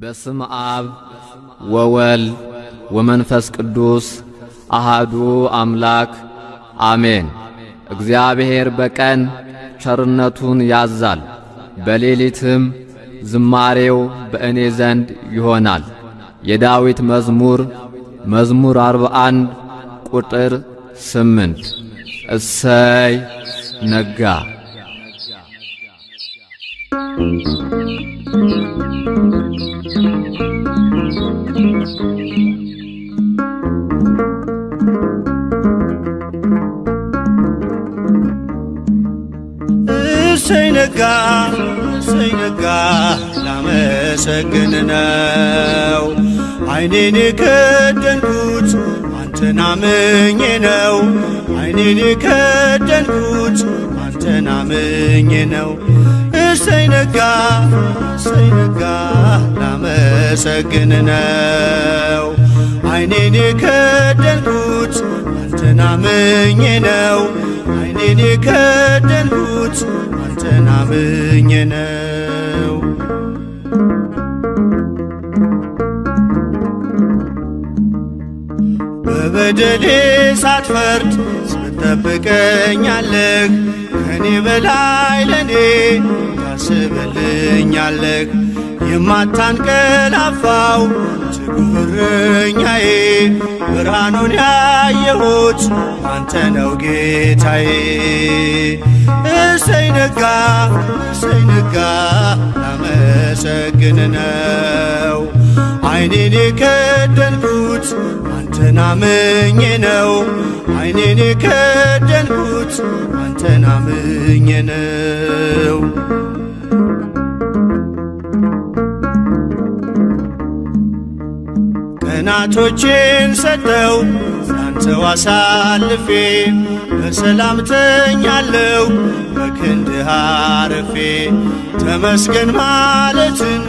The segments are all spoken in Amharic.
በስም አብ ወወል ወመንፈስ ቅዱስ አሃዱ አምላክ አሜን። እግዚአብሔር በቀን ቸርነቱን ያዛል፣ በሌሊትም ዝማሬው በእኔ ዘንድ ይሆናል። የዳዊት መዝሙር መዝሙር 41 ቁጥር 8። እሰይ ነጋ Thank you. ሰይነጋ ሰይነጋ ላመሰግን ነው አይኔን የከደንኩት አንተን አምኜ ነው አይኔን የከደንኩት አንተን አምኜ ነው ሰይነጋ ሰይነጋ ላመሰግን ነው አይኔን የከደንኩት አንተን አምኜ ነው እኔን የገደልሁት አንተን አምኜ ነው። በበደሌ ሳትፈርድ ትጠብቀኛለህ፣ ከኔ በላይ ለኔ ታስብልኛለህ የማታንቀላፋው እረኛዬ ብርሃኑን ያየሁት አንተ ነው ጌታዬ። እሰይ ነጋ እሰይ ነጋ ላመሰግን ነው ዓይኔን የከደንኩት አንተን አምኜ ነው። ዓይኔን የከደንኩት አንተን አምኜ ነው። እናቶችን ሰጠው ላንተው አሳልፌ በሰላም ተኛለው በክንድህ አረፌ ተመስገን ማለትን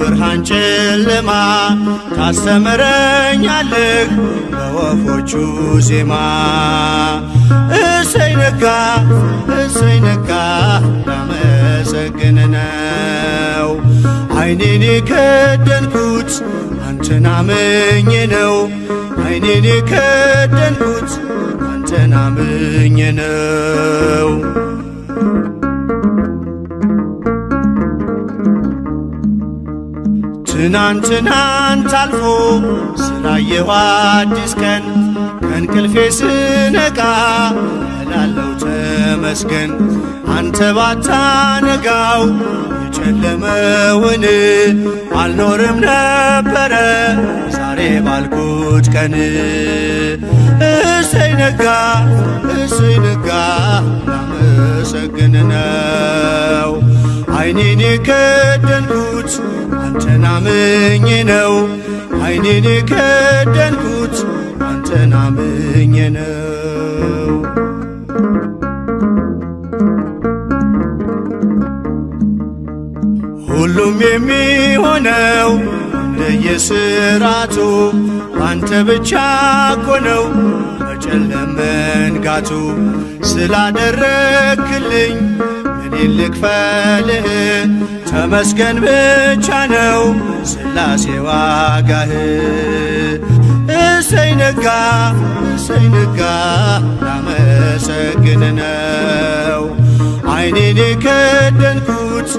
በብርሃን ጨለማ ታስተምረኛለህ በወፎቹ ዜማ እሰይ ነጋ እሰይ ነጋ ላመሰግንነ አይኔን የከደንኩት አንተን አምኜ ነው። አይኔን የከደንኩት አንተን አምኜ ነው። ትናንትናን ታልፎ ስላየው አዲስ ቀን ከእንቅልፌ ስነቃ እላለው ተመስገን አንተ ባታነጋው የጨለመውን አልኖርም ነበረ ዛሬ ባልኩት ቀን እሰይ ነጋ እሰይ ነጋ ላመሰግን ነው አይኔን የከደንኩት አንተን አምኜ ነው አይኔን የከደንኩት አንተን አምኜ ነው ሁሉም የሚሆነው ለየሥራቱ አንተ ብቻ ኮነው በጨለም መንጋቱ ስላደረክልኝ እኔ ልክፈልህ ተመስገን ብቻ ነው ስላሴ ዋጋህ። እሰይ ነጋ እሰይ ነጋ ላመሰግን ነው አይኔን የከደንኩት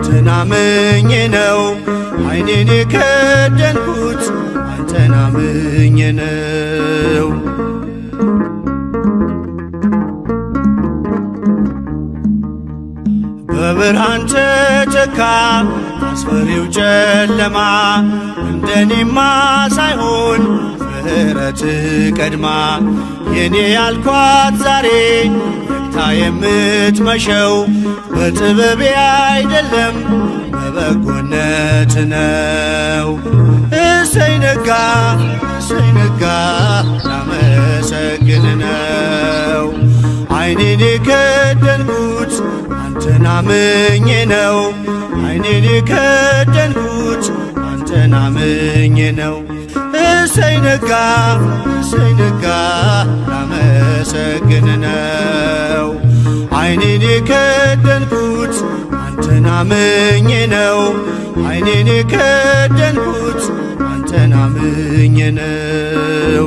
አንተን አምኜ ነው ዓይኔን የከደንኩት አንተን አምኜ ነው። በብርሃን ተተካ አስፈሪው ጨለማ እንደኔማ ሳይሆን ምሕረት ቀድማ የኔ ያልኳት ዛሬ ነግታ የምትመሸው በጥበብ አይደለም በበጎነት ነው። እሰይ ነጋ እሰይ ነጋ ላመሰግን ነው። አይኔን የከደንኩት አንተን አምኜ ነው። አይኔን የከደንኩት አንተን አምኜ ነው። እሰይ ነጋ እሰይ ነጋ ላመሰግን ነው። ዓይኔን የከደንኩት አንተን አምኜ ነው። ዓይኔን የከደንኩት አንተን አምኜ ነው።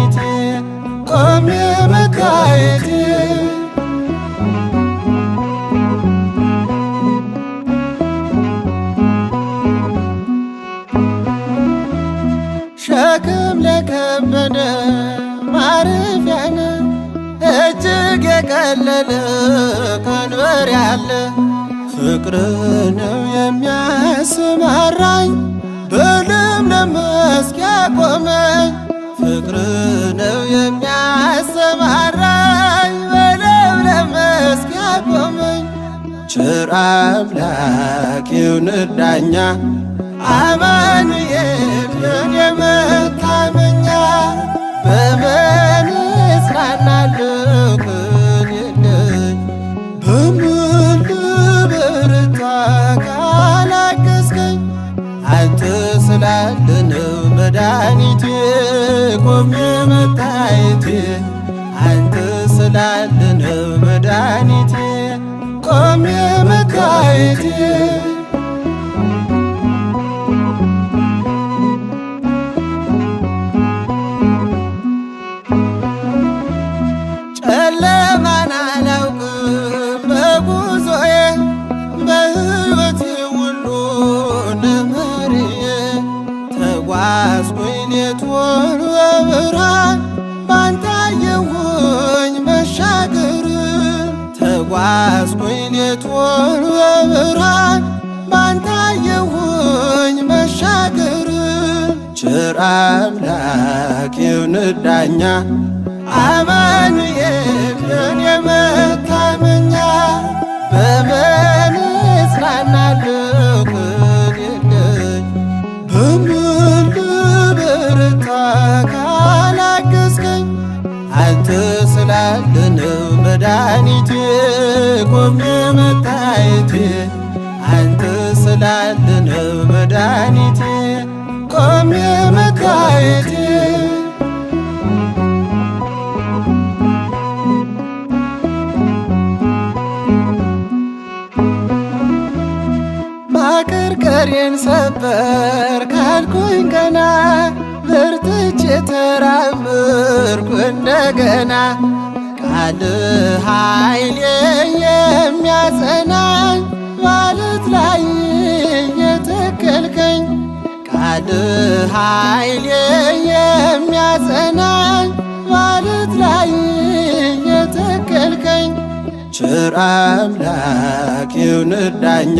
ቋሚ መካየት ሸክም ለከበደ ማረፊያነ እጅግ የቀለለ ቀንበር ያለ ፍቅር ነው የሚያስማራኝ በልምለም መስክ ያቆመኝ ፍቅር ነው የሚያሰማራኝ በለምለም መስክ ያቆመኝ ቸር ንዳኛ አማኑኤል የኔ በምን እጽናናለሁ አምላክ ዳኛ አማኑኤል የኔ በምን እጽናናለሁ ከሌለኝ በምን ልበረታ ካላገዝከኝ አንተ መድኃኒቴ ቆሜ መታየቴ አንተ መድኃኒቴ ሰበር ካልኩኝ ገና በርትቼ ተራምርኩ እንደገና ቃል ኃይሌ የሚያጸናኝ ማለት ላይ የተከልከኝ ቃል ኃይሌ የሚያጸናኝ ማለት ላይ የተከልከኝ ቸር አምላክ ይሁን ዳኛ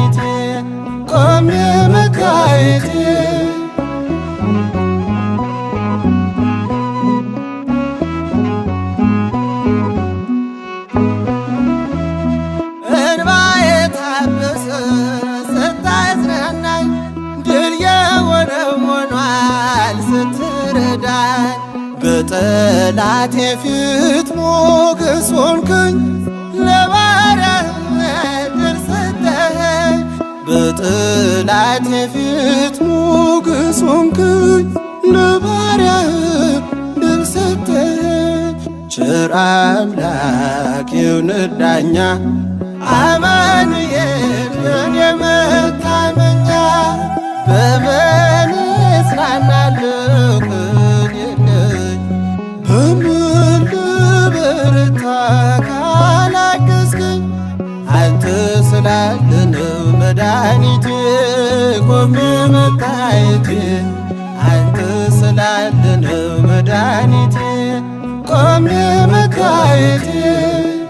በጠላቴ ፊት ሞገስ ሆንክኝ ለባርያህ ሰጠኸኝ በጠላቴ ፊት ሞገስ ሆንክኝ ለባርያህ ሰጠኸኝ ቸር አምላክ ይሁንህ ዳኛ አማኑኤል የኔ መታመኛ እጽናናለሁ በርታ ካላገዝከኝ አንተ ስላለነው መድኃኒቴ ቆሜ መታየቴ አንተ ስላለነው መድኃኒቴ ቆሜ መታየቴ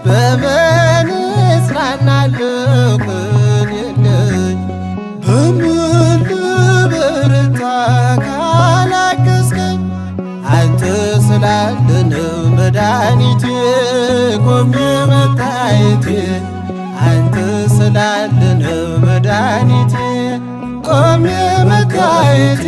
በምን እጽናናለሁ ቀን ቆሜ መታየቴ አንተ ስላለ ነው መድኃኒቴ ቆሜ መታየቴ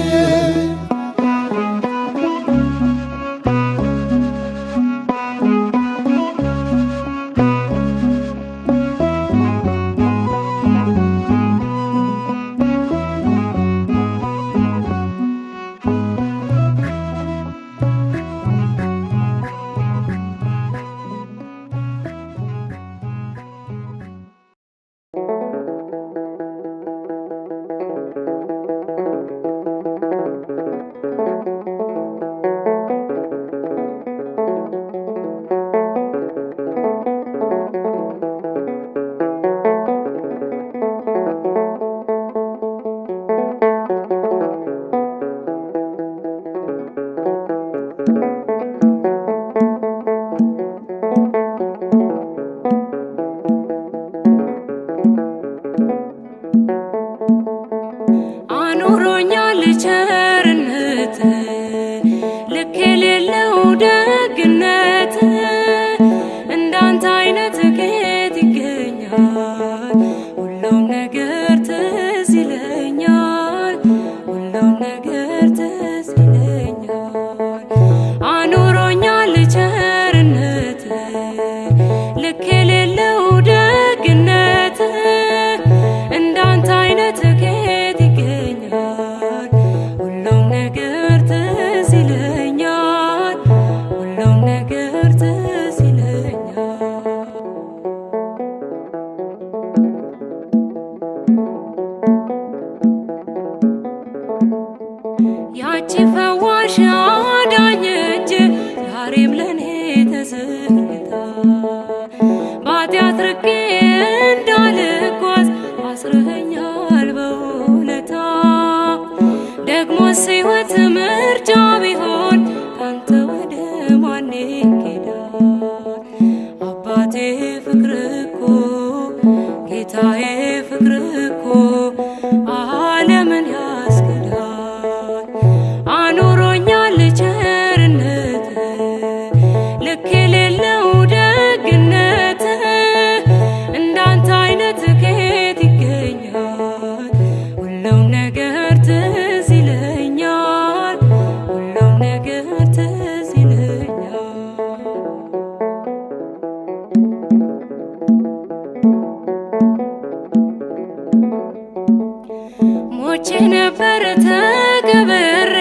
ነበር ተቀብሬ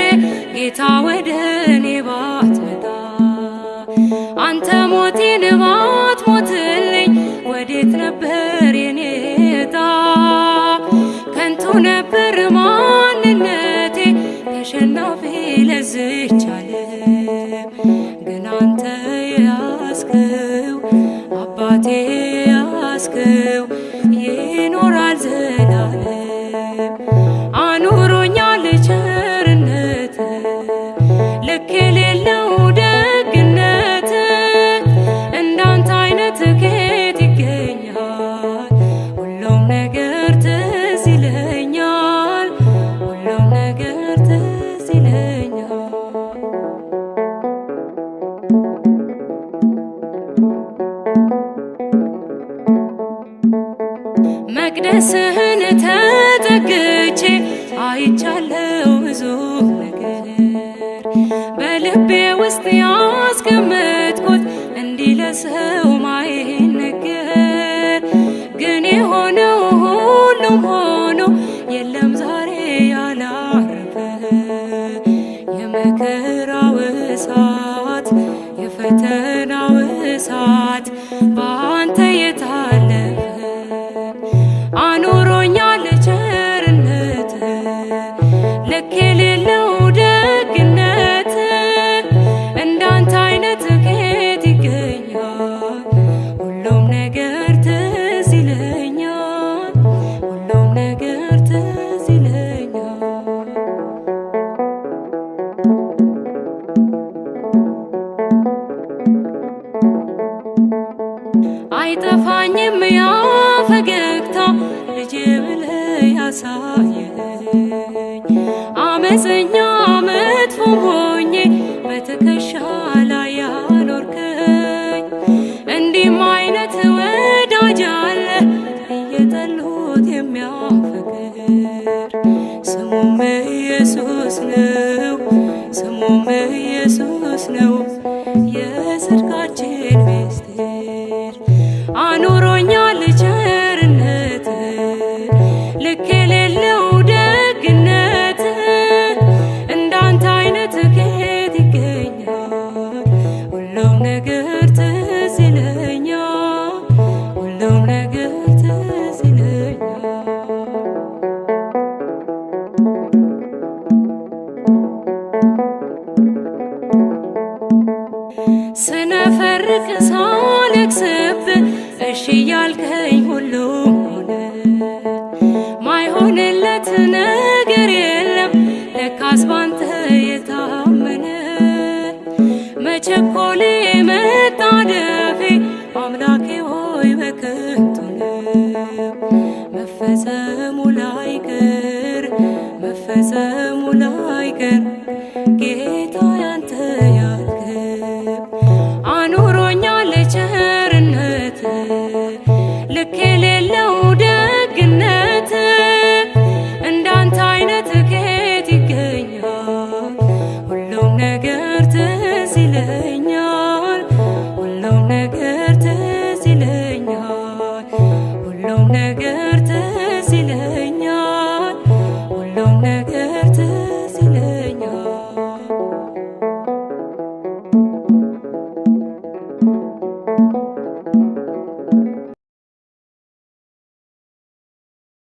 ጌታ ወደ እኔ ባትመጣ አንተ ሞቴን ባትሞትልኝ ወዴት ነበር የኔ ዕጣ ከንቱ ኢየሱስ ነው ስሙም ኢየሱስ ነው የጽድቃ ስነፈርቅ ሳለቅስብ እሺ ያልከኝ ሁሉ ሆነ። ማይሆንለት ነገር የለም ለካስ ባንተ የታመነ መቸኮሌ መጣደፌ አምላኬ ሆይ በከንቱ ነው መፈጸሙ ላይ ቅር መፈጸ